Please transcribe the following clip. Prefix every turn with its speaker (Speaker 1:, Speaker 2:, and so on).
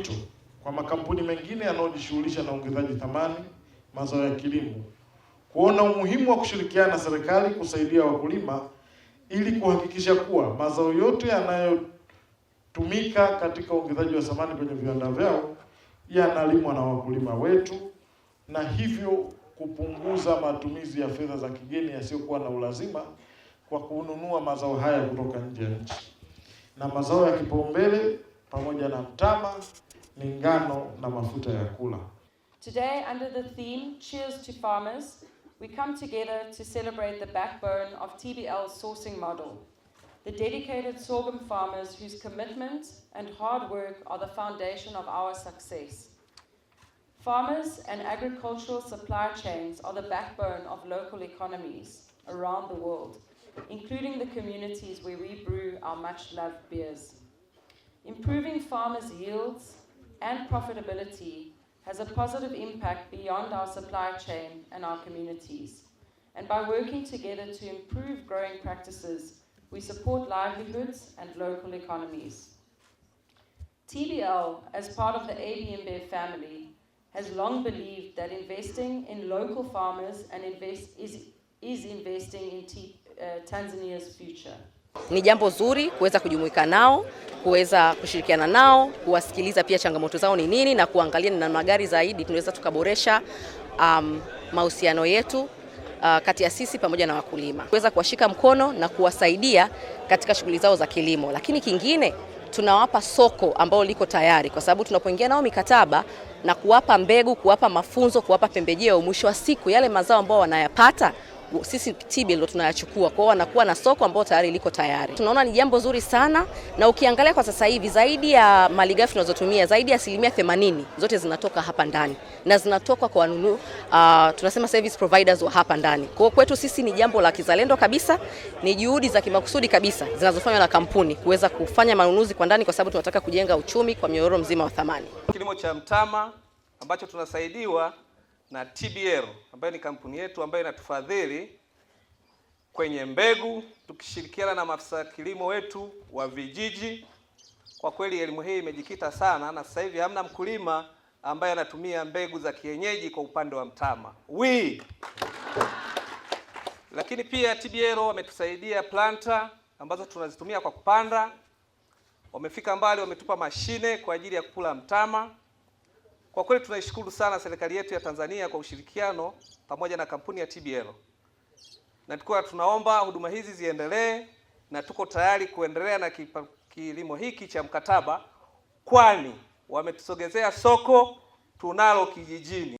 Speaker 1: wito kwa makampuni mengine yanayojishughulisha na uongezaji thamani mazao ya kilimo kuona umuhimu wa kushirikiana na serikali kusaidia wakulima ili kuhakikisha kuwa mazao yote yanayotumika katika uongezaji wa thamani kwenye viwanda vyao yanalimwa na wakulima wetu na hivyo kupunguza matumizi ya fedha za kigeni yasiyokuwa na ulazima kwa kununua mazao haya kutoka nje ya nchi. Na mazao ya kipaumbele pamoja na mtama ni ngano na mafuta ya kula.
Speaker 2: Today under the theme Cheers to Farmers, we come together to celebrate the backbone of TBL's sourcing model, the dedicated sorghum farmers whose commitment and hard work are the foundation of our success. Farmers and agricultural supply chains are the backbone of local economies around the world, including the communities where we brew our much loved beers. Improving farmers' yields, and profitability has a positive impact beyond our supply chain and our communities. And by working together to improve growing practices, we support livelihoods and local economies. TBL, as part of the AB family, has long believed that investing in local farmers and invest, is, is investing in T, uh, Tanzania's future.
Speaker 3: Ni jambo zuri kuweza kujumuika nao, kuweza kushirikiana nao, kuwasikiliza pia changamoto zao ni nini, na kuangalia ni namna gani zaidi tunaweza tukaboresha um, mahusiano yetu uh, kati ya sisi pamoja na wakulima, kuweza kuwashika mkono na kuwasaidia katika shughuli zao za kilimo. Lakini kingine tunawapa soko ambalo liko tayari, kwa sababu tunapoingia nao mikataba na kuwapa mbegu, kuwapa mafunzo, kuwapa pembejeo, mwisho wa siku yale mazao ambao wanayapata sisi Tibi ndio tunayachukua kwao, wanakuwa na soko ambao tayari liko tayari. Tunaona ni jambo zuri sana, na ukiangalia kwa sasa hivi zaidi ya malighafi tunazotumia zaidi ya asilimia 80 zote zinatoka hapa ndani na zinatoka kwa wanunu, uh, tunasema service providers wa hapa ndani. Kwa kwetu sisi ni jambo la kizalendo kabisa, ni juhudi za kimakusudi kabisa zinazofanywa na kampuni kuweza kufanya manunuzi kwa ndani, kwa sababu tunataka kujenga uchumi kwa mnyororo mzima wa thamani.
Speaker 4: Kilimo cha mtama ambacho tunasaidiwa na TBL ambayo ni kampuni yetu ambayo inatufadhili kwenye mbegu, tukishirikiana na maafisa kilimo wetu wa vijiji. Kwa kweli elimu hii imejikita sana, na sasa hivi hamna mkulima ambaye anatumia mbegu za kienyeji kwa upande wa mtama wi. Lakini pia TBL wametusaidia planta ambazo tunazitumia kwa kupanda. Wamefika mbali, wametupa mashine kwa ajili ya kukula mtama. Kwa kweli tunaishukuru sana serikali yetu ya Tanzania kwa ushirikiano pamoja na kampuni ya TBL, na tukiwa tunaomba huduma hizi ziendelee, na tuko tayari kuendelea na kilimo hiki cha mkataba, kwani wametusogezea soko tunalo kijijini.